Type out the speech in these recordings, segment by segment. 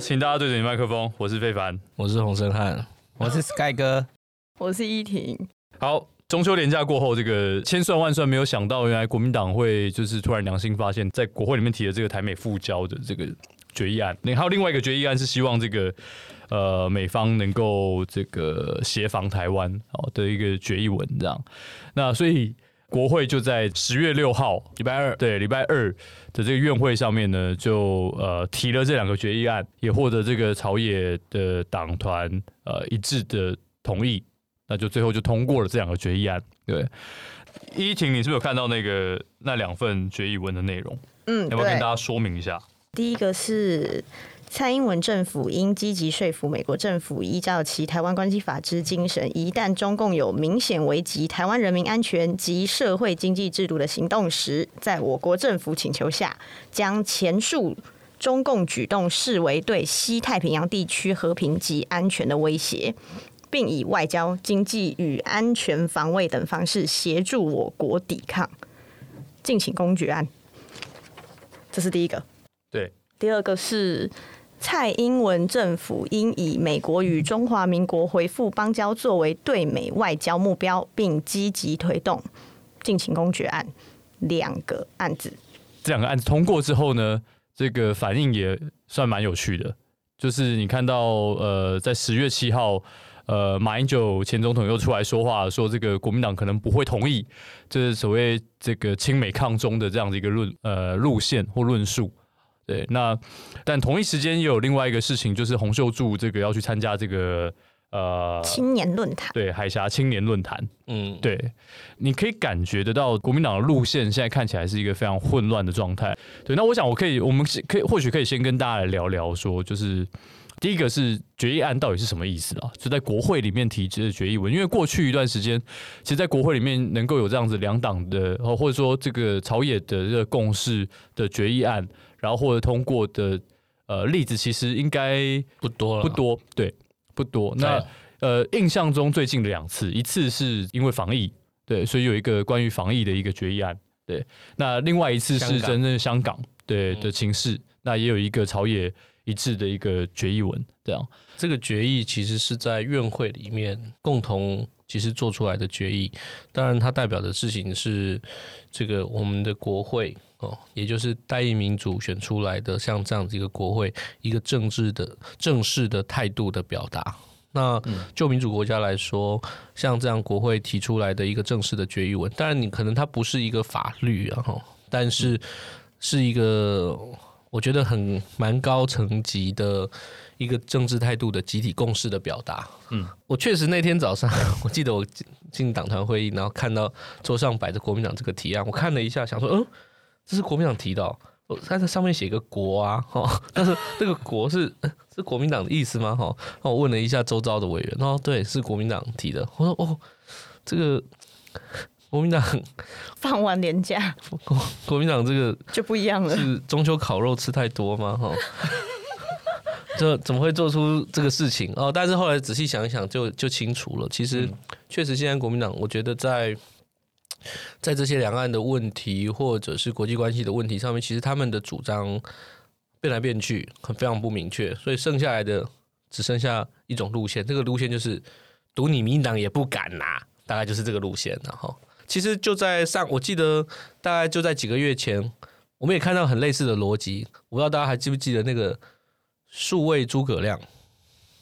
請大家對著你麥克風，我是飛帆，我是，我是洪申翰， 我是 Sky 哥，我是依婷。好，中秋連假過後，這個千算萬算沒有想到，原來國民黨會就是突然良心發現，在國會裡面提的這個台美復交的這個決議案。另外還有另外一個決議案，是希望這個呃美方能夠這個協防台灣好的一個決議文這樣。那所以。國會就在十月六號，禮拜二，對，禮拜二的這個院會上面呢，就呃提了這兩個決議案，也獲得這個朝野的黨團呃一致的同意，那就最後就通過了這兩個決議案。對，依婷，你是不是有看到那個那兩份決議文的內容？嗯，要不要對跟大家說明一下？第一個是蔡英文政府應積極說服美國政府，依照其台灣關係法之精神，一旦中共有明顯危及台灣人民安全及社會經濟制度的行動時，在我國政府請求下，將前述中共舉動視為對西太平洋地區和平及安全的威脅，並以外交、經濟與安全防衛等方式協助我國抵抗“敬請公決案”。這是第一個。第二個是蔡英文政府應以美國與中華民國恢復邦交作為對美外交目標，並積極推動“進行公決案”兩個案子。這兩個案子通過之後呢，這個反應也算蠻有趣的。就是你看到呃，在十月七號，呃，馬英九前總統又出來說話，說這個國民黨可能不會同意，這、就是所謂這個親美抗中的這樣的一個論呃路線或論述。對，那但同一時間也有另外一個事情，就是洪秀柱這個要去參加這個呃青年論壇，對，海峽青年論壇，嗯，對，你可以感覺得到，國民黨的路線現在看起來是一個非常混亂的狀態。對，那我想我可以，我們可以或許可以先跟大家來聊聊說，說就是第一個是決議案到底是什麼意思啊？是在國會裡面提及的決議文，因為過去一段時間，其實，在國會裡面能夠有這樣子兩黨的，或者說這個朝野的這個共識的決議案。然後或者通過的呃例子，其實應該不多，了。不多，對，不多。那、啊、呃，印象中最近的兩次，一次是因為防疫，對，所以有一個關於防疫的一個決議案，對。那另外一次是真正香港對，香港對的情勢，嗯、那也有一個朝野一致的一個決議文，這樣、啊。這個決議其實是在院會裡面共同其實做出來的決議，當然它代表的事情是這個我們的國會。哦，也就是代議民主選出來的，像這樣子一個國會，一個政治的正式的態度的表達。那就民主國家來說，像這樣國會提出來的一個正式的決議文，當然你可能它不是一個法律，啊，但是是一個我覺得很蠻高層級的一個政治態度的集體共識的表達。嗯，我確實那天早上，我記得我進黨團會議，然後看到桌上擺着國民黨這個提案，我看了一下，想說，嗯。這是國民黨提到，哦，他在上面寫個「國」啊，哈，但是這個國是「國」是是國民黨的意思嗎？哈，那我問了一下周遭的委員，哦，對，是國民黨提的。我說，哦，這個國民黨放完年假，國國民黨這個就不一樣了，是中秋烤肉吃太多嗎？哈、哦，這怎麼會做出這個事情？哦，但是後來仔細想一想就，就就清楚了。其實確實，現在國民黨，我覺得在。在這些兩岸的問題，或者是國際關係的問題上面，其實他們的主張變來變去，很非常不明確。所以剩下來的只剩下一種路線，這個路線就是賭你民黨也不敢拿，大概就是這個路線。然後，其實就在上，我記得大概就在幾個月前，我們也看到很類似的邏輯。我不知道大家還記不記得那個數位諸葛亮？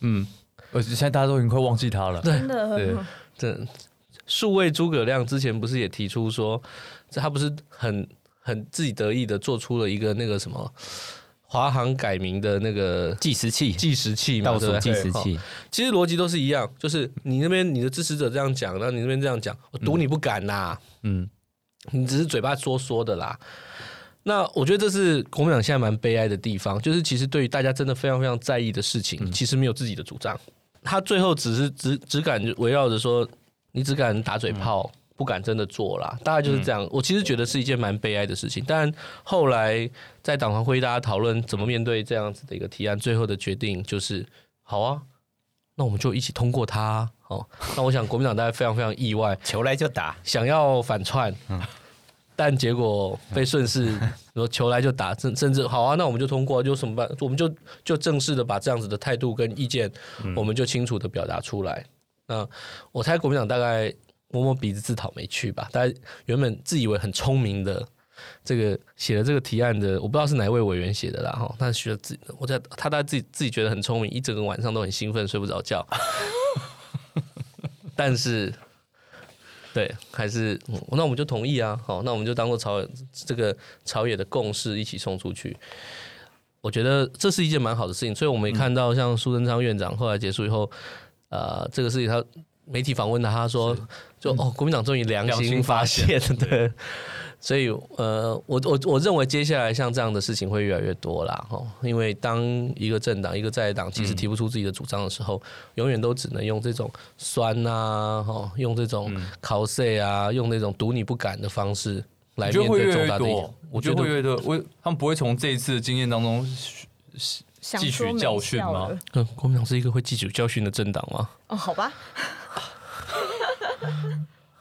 嗯，而且現在大家都已經快忘記他了。對對，數位諸葛亮之前不是也提出說，他不是很很自己得意的做出了一個那個什麼華航改名的那個計時器計時器嘛，倒數計時器對。其實邏輯都是一樣，就是你那邊你的支持者這樣講，那你那邊這樣講，我賭你不敢啦。嗯，你只是嘴巴說說的啦。嗯、那我覺得這是國民黨現在蠻悲哀的地方，就是其實對於大家真的非常非常在意的事情，嗯、其實沒有自己的主張，他最後只是只只敢圍繞着說。一直敢打嘴炮，嗯、不敢真的做啦。大概就是這樣。嗯、我其實覺得是一件蠻悲哀的事情。但後來在黨團會議，大家討論怎麼面對這樣子的一個提案，嗯、最後的決定就是：好啊，那我們就一起通過它。哦，那我想國民黨大家非常非常意外，球來就打，想要反串，嗯、但結果被順勢說球來就打，甚甚至好啊，那我們就通過，就什麼辦？我們就就正式的把這樣子的態度跟意見，嗯、我們就清楚的表達出來。嗯，我猜國民黨大概摸摸鼻子自討沒趣吧。大家原本自以為很聰明的，這個寫了這個提案的，我不知道是哪一位委員寫的啦哈、哦。但是自己，我覺得他大概自己自己覺得很聰明，一整個晚上都很興奮，睡不着覺。 但是，對，還是、嗯、那我們就同意啊。好、哦，那我們就當做朝這個朝野的共識一起送出去。我覺得這是一件蠻好的事情。所以我們也看到像蘇貞昌院長後來結束以後。呃，這個事情他媒體訪問他，他說是就哦，嗯、國民黨終於良心發現，發現對，對。所以呃，我我我認為接下來像這樣的事情會越來越多啦，吼、哦。因為當一個政黨一個在野黨其實提不出自己的主張的時候，嗯、永遠都只能用這種酸吶、啊，吼、哦，用這種口水啊，用那種堵你不敢的方式來面對重大的。覺越越我覺得,覺得越,越多，我覺得越多，我他們不會從這一次的經驗當中學。吸取教訓嗎？嗯，國民黨是一個會吸取教訓的政黨嗎？哦，好吧，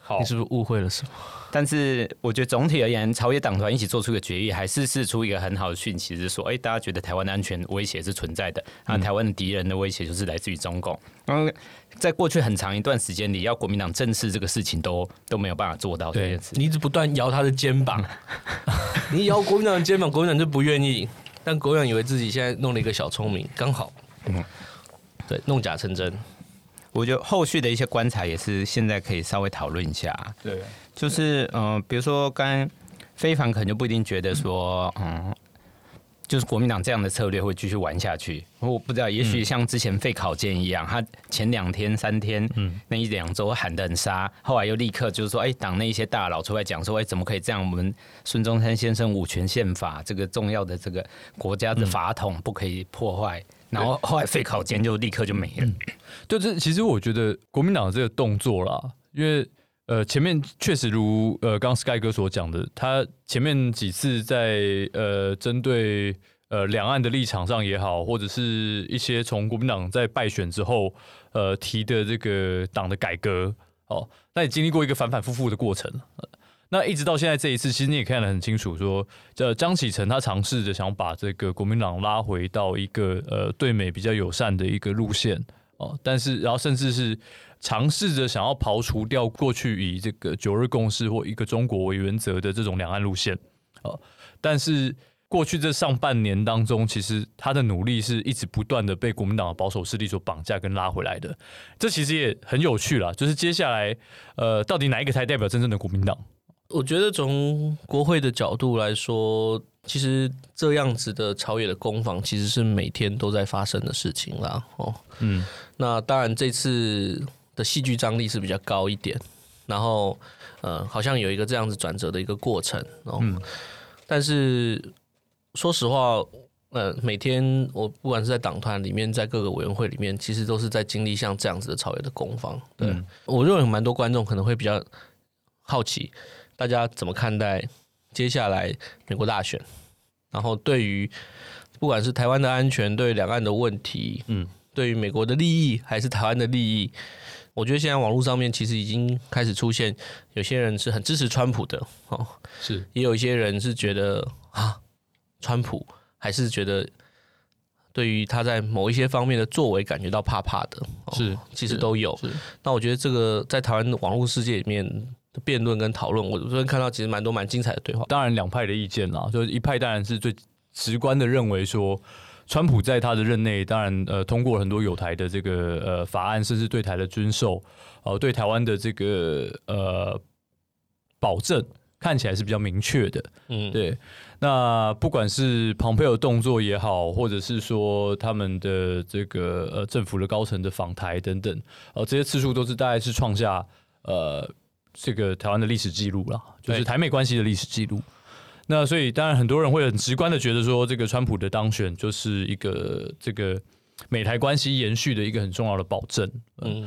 好， 你是不是誤會了什麼？是，但是我覺得總體而言，朝野黨團一起做出的決議，還是釋出一個很好的訊息，就是說，哎、欸，大家覺得台灣的安全威脅是存在的，嗯、啊，台灣的敵人的威脅就是來自於中共。嗯，在過去很長一段時間裡，要國民黨正視這個事情都，都都沒有辦法做到這。對，你一直不斷搖他的肩膀， 你搖國民黨的肩膀，國民黨就不願意。但國永以為自己現在弄了一個小聰明，剛好，嗯，對，弄假成真。我覺得後續的一些觀察也是現在可以稍微討論一下。對、啊，就是嗯、呃，比如說剛才，飛帆可能就不一定覺得說嗯。嗯就是國民黨這樣的策略會繼續玩下去，我不知道，也許像之前廢考監一樣，嗯、他前兩天三天、嗯、那一兩周喊的很殺，後來又立刻就是說，哎、欸，黨內一些大佬出來講說，哎、欸，怎麼可以這樣？我們孫中山先生五權憲法這個重要的這個國家的法統不可以破壞，嗯、然後後來廢考監就立刻就沒了。嗯、就是其實我覺得國民黨這個動作啦，因為。呃，前面確實如呃，剛 Sky 哥所講的，他前面幾次在呃，針對呃兩岸的立場上也好，或者是一些從國民黨在敗選之後呃提的這個黨的改革哦，那也經歷過一個反反复复的過程，嗯。那一直到現在這一次，其實你也看得很清楚說，說呃，江啟臣他嘗試着想把這個國民黨拉回到一個呃對美比較友善的一個路線。哦，但是然後甚至是嘗試着想要刨除掉過去以這個九二共識、或一個中國為原則的這種兩岸路線，哦，但是過去這上半年當中，其實他的努力是一直不斷的被國民黨的保守勢力所綁架跟拉回來的，這其實也很有趣了。就是接下來，呃，到底哪一個才代表真正的國民黨？我覺得從國會的角度來說，其實這樣子的朝野的攻防其實是每天都在發生的事情啦。哦，嗯，那當然這次的戲劇張力是比較高一點，然後呃，好像有一個這樣子轉折的一個過程。喔、嗯，但是說實話，呃，每天我不管是在黨團裡面，在各個委員會裡面，其實都是在經歷像這樣子的朝野的攻防。對、嗯、我認為蠻多觀眾可能會比較好奇。大家怎麼看待接下來美國大選？然後對於不管是台灣的安全、對兩岸的問題，嗯，對於美國的利益還是台灣的利益，我覺得現在網絡上面其實已經開始出現有些人是很支持川普的，哦，是；也有一些人是覺得啊，川普還是覺得對於他在某一些方面的作為感覺到怕怕的，是、哦，其實都有。那我覺得這個在台灣的網絡世界裡面。辯論跟討論，我昨天看到其實蠻多蠻精彩的對話。當然，兩派的意見啦，就是一派當然是最直觀的，認為說，川普在他的任內，當然呃通過很多友台的這個呃法案，甚至對台的軍售，呃對台灣的這個呃保證，看起來是比較明確的。嗯，對。那不管是蓬佩奧的動作也好，或者是說他們的這個呃政府的高層的訪台等等，呃這些次數都是大概是創下呃。這個台灣的歷史記錄了，就是台美關係的歷史記錄。對那所以，當然很多人會很直觀的覺得說，這個川普的當選就是一個這個美台關係延續的一個很重要的保證。嗯，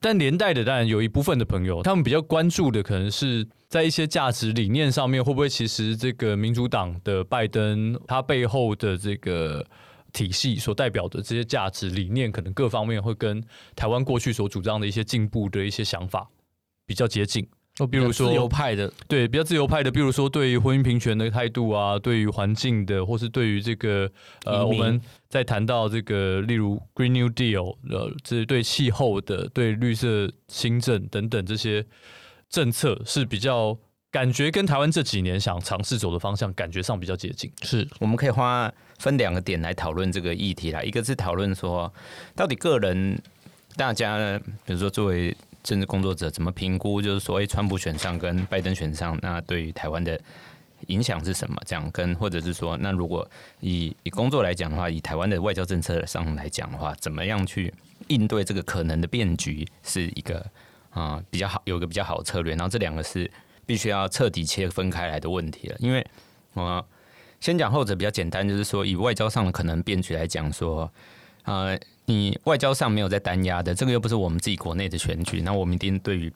但連帶的，當然有一部分的朋友，他們比較關注的，可能是，在一些價值理念上面，會不會其實這個民主黨的拜登他背後的這個體系所代表的這些價值理念，可能各方面會跟台灣過去所主張的一些進步的一些想法。比較接近，比如說自由派的，對比較自由派的，比如說對於婚姻平權的態度啊，對於環境的，或是對於這個呃，移民我們在談到這個，例如 Green New Deal，呃，這是對氣候的、對綠色新政等等這些政策是比較感覺跟台灣這幾年想嘗試走的方向，感覺上比較接近。是我們可以花分兩個點來討論這個議題啦，一個是討論說到底個人大家呢，比如說作為。政治工作者怎麼評估，就是說，謂、欸、川普選上跟拜登選上，那對於台灣的影響是什麼？這樣跟，或者是說，那如果以以工作來講的話，以台灣的外交政策上來講的話，怎麼樣去應對這個可能的變局，是一個啊、呃、比較好，有一個比較好的策略。然後這兩個是必須要徹底切分開來的問題了。因為我、呃、先講後者比較簡單，就是說，以外交上的可能變局來講，說、呃、啊。你外交上沒有在單押的，這個又不是我們自己國內的選舉，那我們一定對於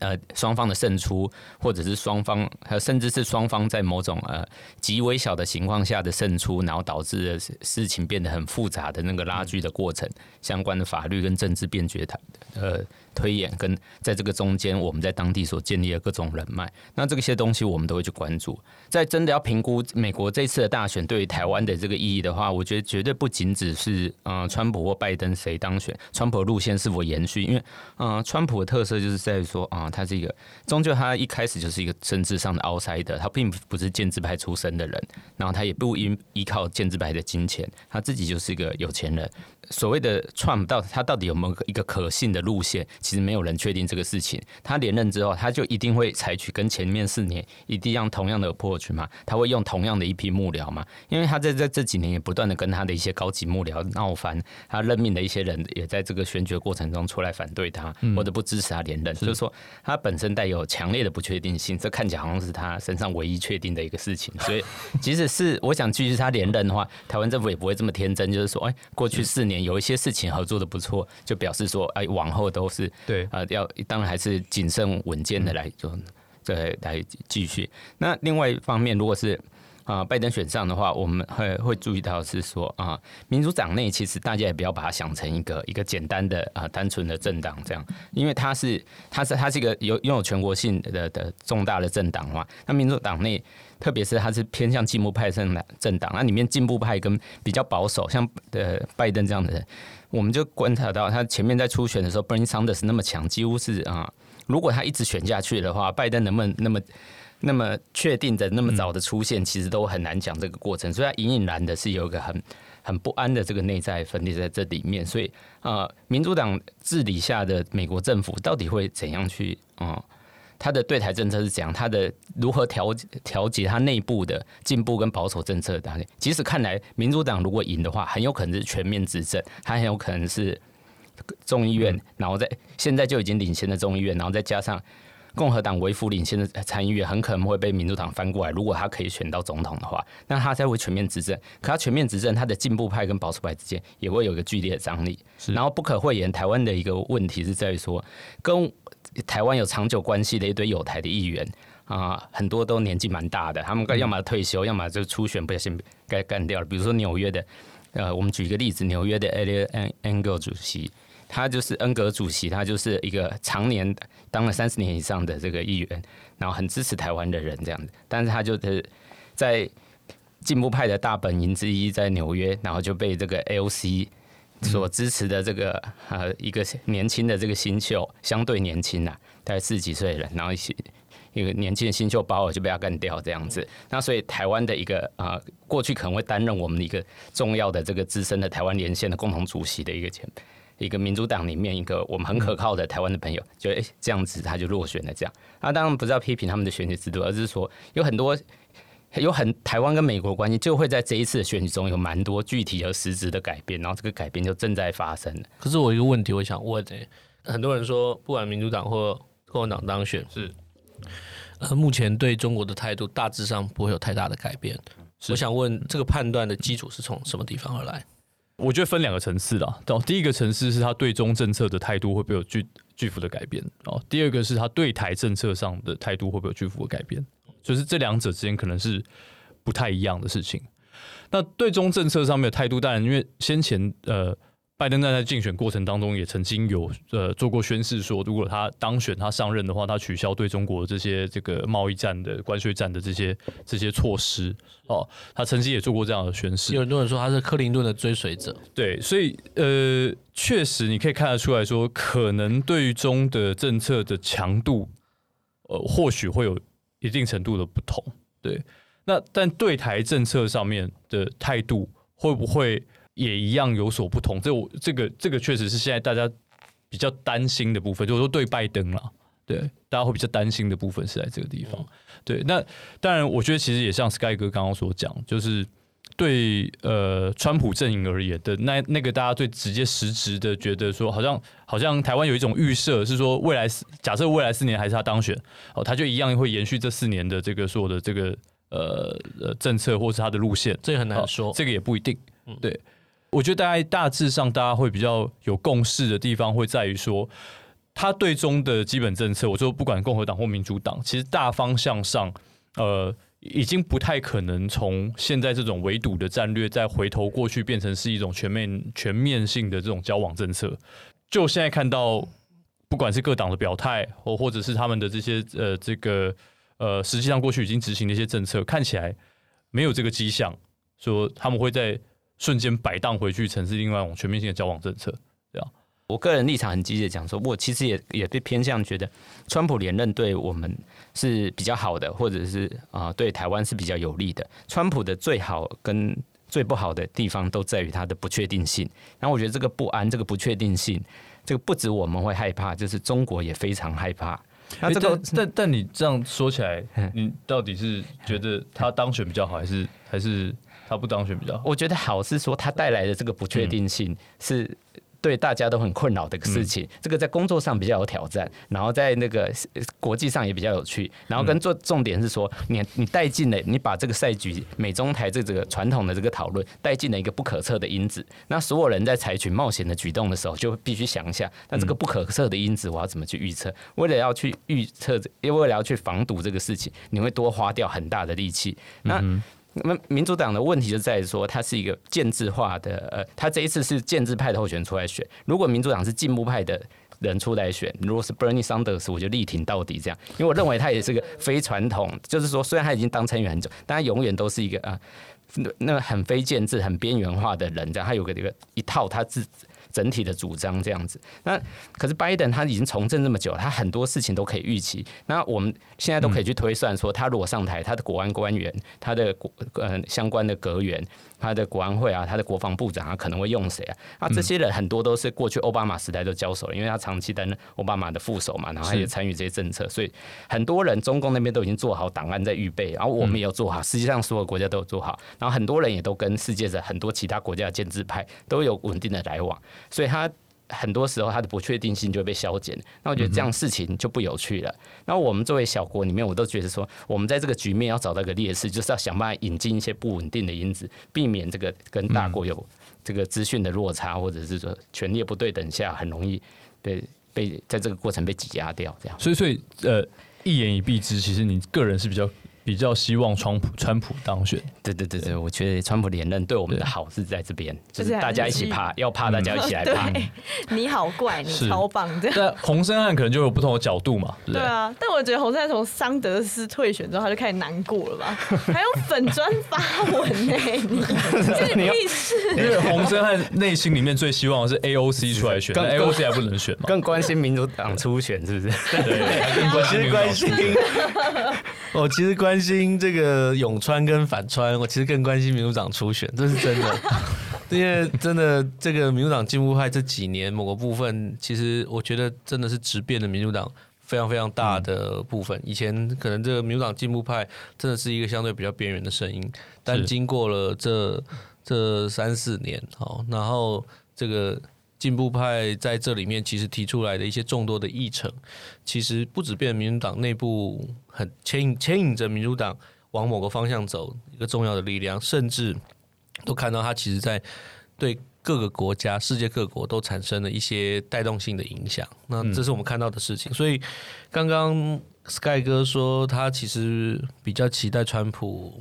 呃雙方的勝出，或者是雙方還有甚至是雙方在某種呃極微小的情況下的勝出，然後導致的事情變得很複雜的那個拉鋸的過程，嗯、相關的法律跟政治變局，它呃。推演跟在這個中間，我們在當地所建立的各種人脈，那這些東西我們都會去關注。在真的要評估美國這次的大選對於台灣的這個意義的話，我覺得絕對不僅只是嗯、呃，川普或拜登誰當選，川普的路線是否延續？因為嗯、呃，川普的特色就是在說啊、呃，他是一個，終究他一開始就是一個政治上的凹塞的，他並不是建制派出身的人，然後他也不依依靠建制派的金錢，他自己就是一個有錢人。所謂的川普到他到底有沒有一個可信的路線？其實沒有人確定這個事情。他連任之後，他就一定會採取跟前面四年一樣同樣的 approach 嘛，他會用同樣的一批幕僚嘛。因為他在在這幾年也不斷的跟他的一些高級幕僚鬧翻，他任命的一些人也在這個選舉過程中出來反對他，或者不支持他連任。就是說，他本身帶有強烈的不確定性，這看起來好像是他身上唯一確定的一個事情。所以，即使是我想繼續他連任的話，台灣政府也不會這麼天真，就是說，哎，過去四年有一些事情合作的不錯，就表示說，哎，往後都是。對啊、呃，要當然還是謹慎穩健的來做，對來繼續。那另外一方面，如果是啊、呃、拜登選上的話，我們會會注意到是說啊、呃，民主黨內其實大家也不要把它想成一個一個簡單的啊、呃、單純的政黨這樣，因為它是它是它是一個有擁有全國性的的重大的政黨的話。那民主黨內，特別是它是偏向進步派的政黨，政黨那裡面進步派跟比較保守，像、呃、拜登這樣的人。我們就觀察到，他前面在初選的時候，Bernie Sanders 那麼強，幾乎是啊、呃，如果他一直選下去的話，拜登能不能那麼那麼確定的那麼早的出現，其實都很難講這個過程。嗯、所以，他隱隱然的是有一個很很不安的這個內在分裂在這裡面。所以啊、呃，民主黨治理下的美國政府到底會怎樣去啊？呃他的對台政策是怎樣？他的如何調調節他內部的進步跟保守政策的？其實看來民主黨如果贏的話，很有可能是全面執政，他很有可能是眾議院，然後在、嗯、現在就已經領先的眾議院，然後再加上。共和黨微幅領先的參議員很可能會被民主黨翻過來。如果他可以選到總統的話，那他才會全面執政。可他全面執政，他的進步派跟保守派之間也會有一個劇烈的張力。是然後不可諱言，台灣的一個問題是在於說，跟台灣有長久關係的一堆友台的議員啊、呃，很多都年紀蠻大的，他們要麼退休，嗯、要麼就初選不小心給幹掉了。比如說紐約的，呃，我們舉一個例子，紐約的 Eliot Engel 主席。他就是恩格主席，他就是一個常年當了三十年以上的這個議員，然後很支持台灣的人這樣子。但是他就是在進步派的大本營之一，在紐約，然後就被這個 AOC 所支持的這個、嗯、呃一個年輕的這個新秀，相對年輕的、啊、大概四十幾歲了，然後一些，一個年輕的新秀鮑我就被他幹掉這樣子。那所以台灣的一個啊、呃，過去可能會擔任我們的一個重要的這個資深的台灣連線的共同主席的一個前輩。一個民主黨裡面一個我們很可靠的台灣的朋友，就誒、欸、這樣子他就落選了這樣。他、啊、當然不是要批評他們的選舉制度，而是說有很多有很台灣跟美國關係，就會在這一次的選舉中有蠻多具體和實質的改變，然後這個改變就正在發生。可是我一個問題，我想問、欸、很多人說不管民主黨或共和黨當選是，呃，目前對中國的態度大致上不會有太大的改變。是我想問這個判斷的基礎是從什麼地方而來？我覺得分兩個層次啦。第一個層次是他對中政策的態度會不會有巨巨幅的改變？然後，第二個是他對台政策上的態度會不會有巨幅的改變？就是這兩者之間可能是不太一樣的事情。那對中政策上面的態度，當然因為先前呃。拜登在在競選過程當中也曾經有呃做過宣誓，說如果他當選他上任的話，他取消對中國的這些這個貿易戰的關稅戰的這些這些措施哦。他曾經也做過這樣的宣誓。有很多人說他是克林頓的追隨者，對，所以呃，確實你可以看得出來說，可能對中的政策的強度，呃，或許會有一定程度的不同。對，那但對台政策上面的態度會不會？也一樣有所不同，這我這個這個確實是現在大家比較擔心的部分，就是說對拜登了，對大家會比較擔心的部分是在這個地方。嗯、對，那當然，我覺得其實也像 Sky 哥剛剛所講，就是對呃，川普陣營而言的那那個大家最直接實質的，覺得說好像好像台灣有一種預設，是說未來假設未來四年還是他當選，哦，他就一樣會延續這四年的這個所有的這個呃呃政策或是他的路線，這也很難說、哦，這個也不一定，嗯、對。我覺得大概大致上，大家會比較有共識的地方，會在於說，他對中的基本政策，我說不管共和黨或民主黨，其實大方向上，呃，已經不太可能從現在這種圍堵的戰略，再回頭過去變成是一種全面全面性的這種交往政策。就現在看到，不管是各黨的表態，或或者是他們的這些呃這個呃，實際上過去已經執行的一些政策，看起來沒有這個跡象，說他們會在。瞬間擺盪回去，成市另外一種全面性的交往政策，這樣我個人立場很積極地講說，我其實也也被偏向覺得，川普連任對我們是比較好的，或者是啊、呃、對台灣是比較有利的。川普的最好跟最不好的地方都在於他的不確定性。然後我覺得這個不安，這個不確定性，這個不止我們會害怕，就是中國也非常害怕。那這個，欸、但、嗯、但,但你這樣說起來，哼你到底是覺得他當選比較好，還是還是？哼還是他不當選比較好，我覺得好是說，他帶來的這個不確定性、嗯、是對大家都很困擾的一個事情。嗯、這個在工作上比較有挑戰，然後在那個國際上也比較有趣。然後跟做重點是說，你你帶進了，你把這個賽局美中台這個傳統的這個討論帶進了一個不可測的因子。那所有人在採取冒險的舉動的時候，就必須想一下，那這個不可測的因子我要怎麼去預測？為了要去預測，因為為了要去防堵這個事情，你會多花掉很大的力氣。嗯嗯、那。那麼民主黨的問題就在於說，他是一個建制化的，呃，他這一次是建制派的候選人出來選。如果民主黨是進步派的人出來選，如果是 Bernie Sanders，我就力挺到底這樣，因為我認為他也是個非傳統，就是說雖然他已經當參議員很久，但他永遠都是一個啊、呃，那很非建制、很邊緣化的人，這樣他有個這個一套他自。整體的主張這樣子，那可是拜登他已經從政這麼久，他很多事情都可以預期。那我們現在都可以去推算說，他如果上台，嗯、他的國安官員、他的國呃相關的閣員、他的國安會啊、他的國防部長啊，可能會用誰啊？啊，這些人很多都是過去奧巴馬時代都交手了，因為他長期擔任奧巴馬的副手嘛，然後也參與這些政策，是所以很多人中共那邊都已經做好檔案在預備，然後我們也有做好，嗯、實際上所有國家都有做好，然後很多人也都跟世界的很多其他國家的建制派都有穩定的來往。所以，他很多時候他的不確定性就會被消減，那我覺得這樣事情就不有趣了。嗯嗯。那我們作為小國裡面，我都覺得說，我們在這個局面要找到一個劣勢，就是要想辦法引進一些不穩定的因子，避免這個跟大國有這個資訊的落差，嗯、或者是說權力不對等下很容易被被在這個過程被擠壓掉。這樣，所以，所以，呃，一言以蔽之，其實你個人是比較。比較希望川普川普當選，對對對對，我覺得川普連任對我們的好是在這邊，就是大家一起怕，要怕大家一起來怕。你好怪，你超棒這樣。對，洪申翰可能就有不同的角度嘛。對啊，但我覺得洪申翰從桑德斯退選之後，他就開始難過了吧？還有粉專發文呢，這是你的意思。因為洪申翰內心裡面最希望的是 AOC 出來選，但 AOC 還不能選嘛？更關心民主黨初選是不是？對，我其實關心。我其實關。關心這個永川跟反川，我其實更關心民主黨初選，這是真的， 因為真的這個民主黨進步派這幾年某個部分，其實我覺得真的是質變的，民主黨非常非常大的部分。嗯、以前可能這個民主黨進步派真的是一個相對比較邊緣的聲音，是但經過了這這三四年，好，然後這個。進步派在這裡面其實提出來的一些眾多的議程，其實不止變成民主黨內部很牽引牽引着民主黨往某個方向走一個重要的力量，甚至都看到他其實在對各個國家、世界各國都產生了一些帶動性的影響。那這是我們看到的事情。嗯、所以剛剛 Sky 哥說他其實比較期待川普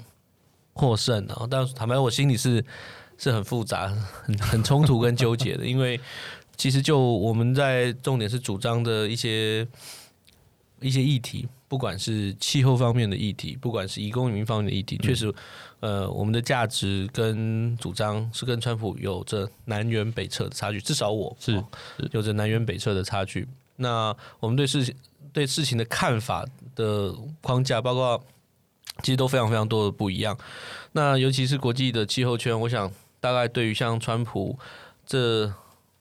獲勝，然後但坦白說，我心裡是，是很複雜、很很衝突跟糾結的， 因為其實就我們在重點是主張的一些一些議題，不管是氣候方面的議題，不管是移工移民方面的議題，嗯、確實，呃，我們的價值跟主張是跟川普有着南轅北轍的差距。至少我是有着南轅北轍的差距。是那我們對事情對事情的看法的框架，包括其實都非常非常多的不一樣。那尤其是國際的氣候圈，我想，大概對於像川普這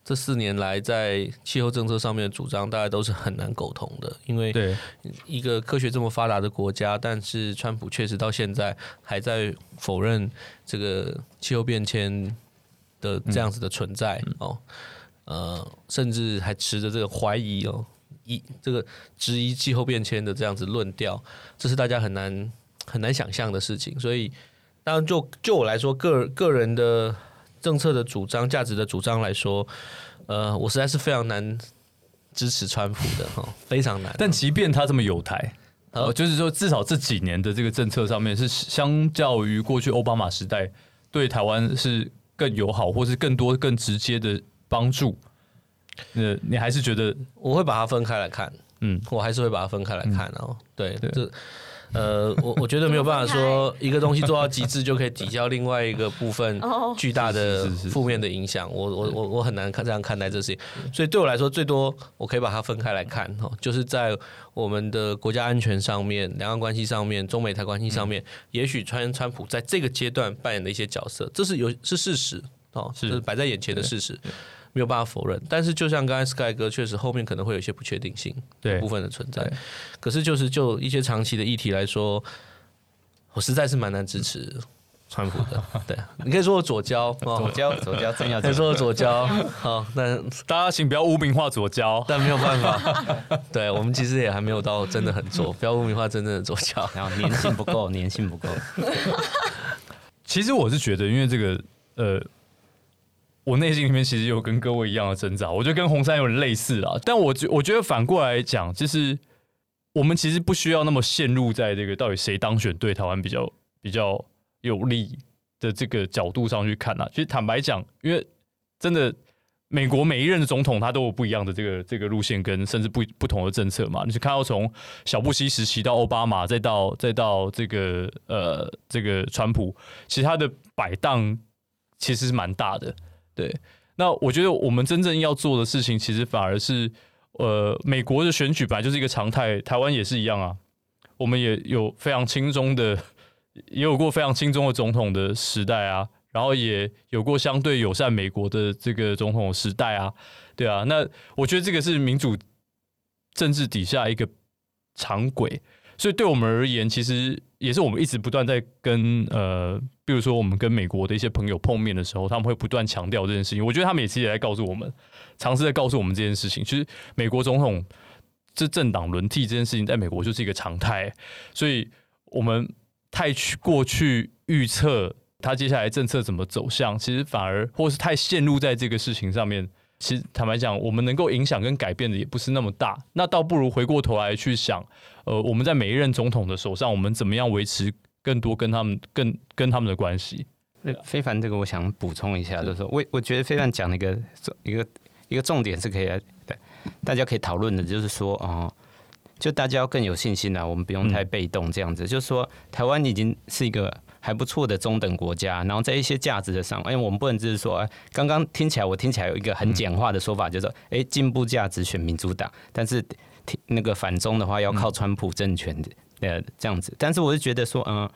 這四年來在氣候政策上面的主張，大家都是很難苟同的，因為對一個科學這麼發達的國家，對但是川普確實到現在還在否認這個氣候變遷的這樣子的存在、嗯、哦，呃，甚至還持着這個懷疑哦，一這個質疑氣候變遷的這樣子論調，這是大家很難很難想象的事情，所以。當然就，就就我來說，個個人的政策的主張、價值的主張來說，呃，我實在是非常難支持川普的哈，非常難、啊。但即便他這麼友台，呃、啊哦，就是說，至少這幾年的這個政策上面是相較於過去奧巴馬時代對台灣是更友好，或是更多、更直接的幫助。那、呃、你還是覺得我會把它分開來看，嗯，我還是會把它分開來看哦。對、嗯、對。對呃，我我覺得沒有辦法說一個東西做到極致，就可以抵消另外一個部分巨大的負面的影響。 我我我我很難看這樣看待這些。所以對我來說，最多我可以把它分開來看哈，就是在我們的國家安全上面、兩岸關係上面、中美台關係上面，嗯、也許川川普在這個階段扮演的一些角色，這是有是事實哦，是擺在眼前的事實。沒有辦法否認，但是就像剛才 Sky 哥，確實後面可能會有一些不確定性部分的存在，可是，就是就一些長期的議題來說，我實在是蠻難支持川普的。對，你可以說我左膠左膠左膠，可以說左膠。好，那大家請不要污名化左膠，但沒有辦法。對，我們其實也還沒有到真的很左，不要污名化真正的左膠。然後粘性不夠，粘性不夠。其實我是覺得，因為這個呃。我內心裡面其實有跟各位一樣的掙扎，我覺得跟紅山有點類似啊。但我我覺得反過來講，就是我們其實不需要那麼陷入在這個到底誰當選對台灣比較比較有利的這個角度上去看啊。其實坦白講，因為真的美國每一任的總統他都有不一樣的這個這個路線跟甚至不不同的政策嘛。你就看到從小布希時期到奧巴馬，再到再到這個呃這個川普，其實他的擺盪其實是蠻大的。對，那我覺得我們真正要做的事情，其實反而是，呃，美國的選舉本來就是一個常態，台灣也是一樣啊。我們也有非常傾中的，也有過非常傾中的總統的時代啊，然後也有過相對友善美國的這個總統的時代啊，對啊。那我覺得這個是民主政治底下一個常軌，所以對我們而言，其實。也是我們一直不斷在跟呃，比如說我們跟美國的一些朋友碰面的時候，他們會不斷強調這件事情。我覺得他們也其實也在告訴我們，嘗試在告訴我們這件事情。其實美國總統這政黨輪替這件事情，在美國就是一個常態。所以我們太去過去預測他接下來政策怎麼走向，其實反而或是太陷入在這個事情上面。其實坦白講，我們能夠影響跟改變的也不是那麼大。那倒不如回過頭來去想。呃，我們在每一任總統的手上，我們怎麼樣維持更多跟他們更跟他們的關係？那飛帆這個，我想補充一下，就是，說是我我覺得飛帆講的一個一個一個重點是可以來，對，大家可以討論的，就是說啊、哦，就大家要更有信心了、啊，我們不用太被動這樣子，嗯、就是說台灣已經是一個。還不錯的中等國家，然後在一些價值的上，為、欸、我們不能只是說，哎、欸，剛剛聽起來我聽起來有一個很簡化的說法，嗯、就是說，哎、欸，進步價值選民主黨，但是那個反中的話要靠川普政權的，呃、嗯，這樣子，但是我是覺得說，嗯。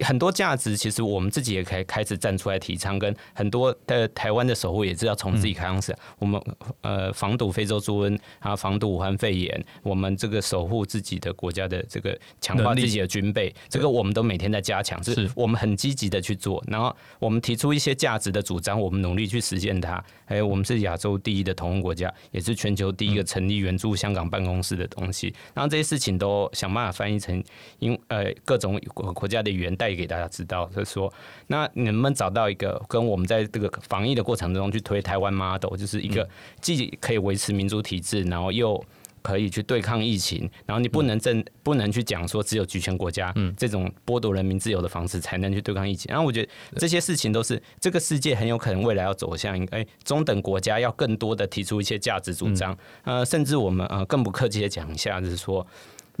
很多價值其實我們自己也可以開始站出來提倡，跟很多的台灣的守護也是要從自己開始。嗯、我們呃防堵非洲豬瘟啊，防堵武漢肺炎，我們這個守護自己的國家的這個強化自己的軍備，力這個我們都每天在加強，是，是我們很積極的去做。然後我們提出一些價值的主張，我們努力去實現它。還有我們是亞洲第一的同盟國家，也是全球第一個成立援助香港辦公室的東西。嗯、然後這些事情都想辦法翻譯成英呃各種國國家的語言代。給給大家知道，就是說，那能不能找到一個跟我們在這個防疫的過程中去推台灣 model，就是一個既可以維持民主體制，然後又可以去對抗疫情，然後你不能正、嗯、不能去講說只有集權國家，嗯，這種剝奪人民自由的方式才能去對抗疫情。然後我覺得這些事情都是對這個世界很有可能未來要走向一個中等國家要更多的提出一些價值主張。嗯、呃，甚至我們呃更不客氣的講一下，就是說。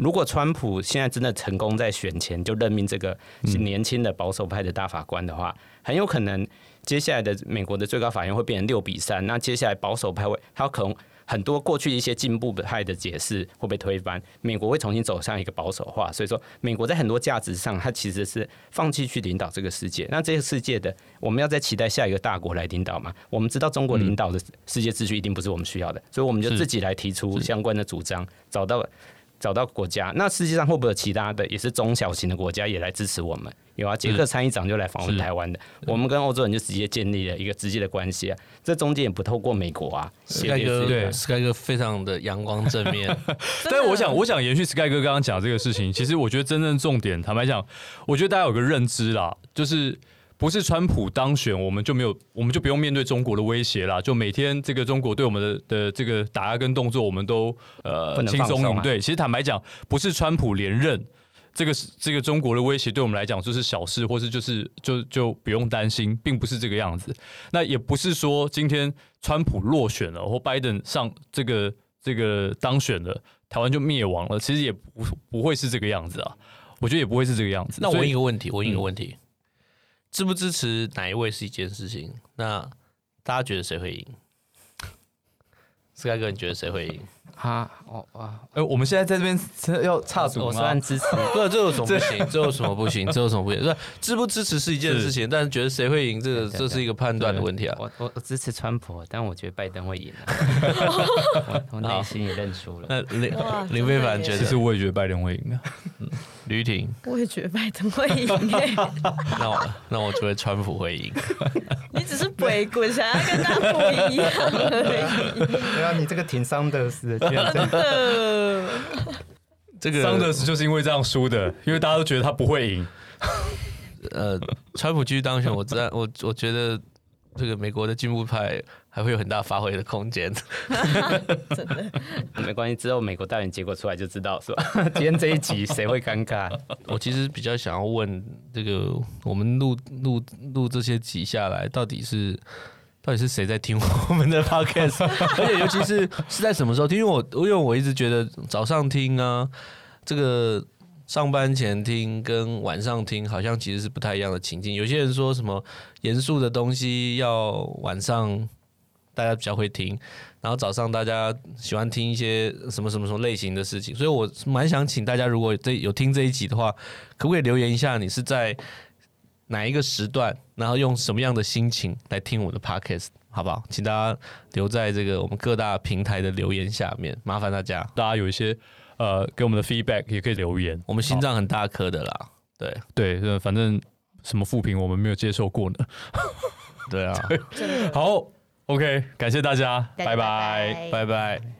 如果川普現在真的成功在選前就任命這個年輕的保守派的大法官的話，很有可能接下來的美國的最高法院會變成六比三。那接下來保守派會，他可能很多過去一些進步派的解釋會被推翻，美國會重新走上一個保守化。所以說，美國在很多價值上，它其實是放棄去領導這個世界。那這個世界的我們要再期待下一個大國來領導嘛？我們知道中國領導的世界秩序一定不是我們需要的，所以我們就自己來提出相關的主張，找到。找到國家，那世界上會不會有其他的也是中小型的國家也來支持我們？有啊，捷克參議長就來訪問台灣的，嗯、我們跟歐洲人就直接建立了一個直接的關係啊，嗯、這中間也不透過美國啊。也是對啊，Sky 哥非常的陽光正面， 的但是我想，我想延續 Sky 哥剛剛講這個事情，其實我覺得真正重點，坦白講，我覺得大家有個認知啦，就是。不是川普當選，我們就沒有，我們就不用面對中國的威脅啦。就每天這個中國對我們的的這個打壓跟動作，我們都呃很輕鬆、啊、應對。其實坦白講，不是川普連任，這個這個中國的威脅對我們來講就是小事，或是就是就就不用擔心，並不是這個樣子。那也不是說今天川普落選了，或拜登上這個這個當選了，台灣就滅亡了。其實也不不會是這個樣子啊。我覺得也不會是這個樣子。是以那我問一個問題，我問一個問題。嗯支不支持哪一位是一件事情，那大家覺得誰會贏？斯凱哥，你覺得誰會贏？啊哦哇！哎，我們現在在這邊要插足嗎？不，這有什麼不行，這有什麼不行？這有什麼不行？說支不支持是一件事情，但是覺得誰會贏，這個這是一個判斷的問題啊。我我支持川普，但我覺得拜登會贏。我我內心也認輸了。那林林飛帆覺得？其實我也覺得拜登會贏啊。呂挺，我也覺得拜登會贏哎、欸。 那我那我覺得川普會贏。 你只是鬼鬼想要跟特朗普一樣，對 啊，啊，你這個挺 Sanders 的， 的這個 Sanders 就是因為這樣輸的，因為大家都覺得他不會贏。 呃，川普繼續當選，我在我我覺得。這個美國的進步派還會有很大發揮的空間， 真的 沒關係。之後美國大選結果出來就知道是吧？ 今天這一集誰會尷尬？我其實比較想要問這個，我們錄錄錄這些集下來到，到底是到底是誰在聽我們的 podcast？ 而且尤其是是在什麼時候聽？因為我因為我一直覺得早上聽啊，這個。上班前聽跟晚上聽，好像其實是不太一樣的情境。有些人說什麼嚴肅的東西要晚上，大家比較會聽，然後早上大家喜歡聽一些什麼什麼什麼類型的事情。所以我蠻想請大家，如果這有聽這一集的話，可不可以留言一下，你是在哪一個時段，然後用什麼樣的心情來聽我的 podcast，好不好？請大家留在這個我們各大平台的留言下面，麻煩大家。大家有一些。呃，給我們的 feedback 也可以留言，我們心臟很大顆的啦，哦、對對，反正什麼負評我們沒有接受過呢，對啊，對 好，OK，感謝大家，再拜拜，拜拜。拜拜拜拜。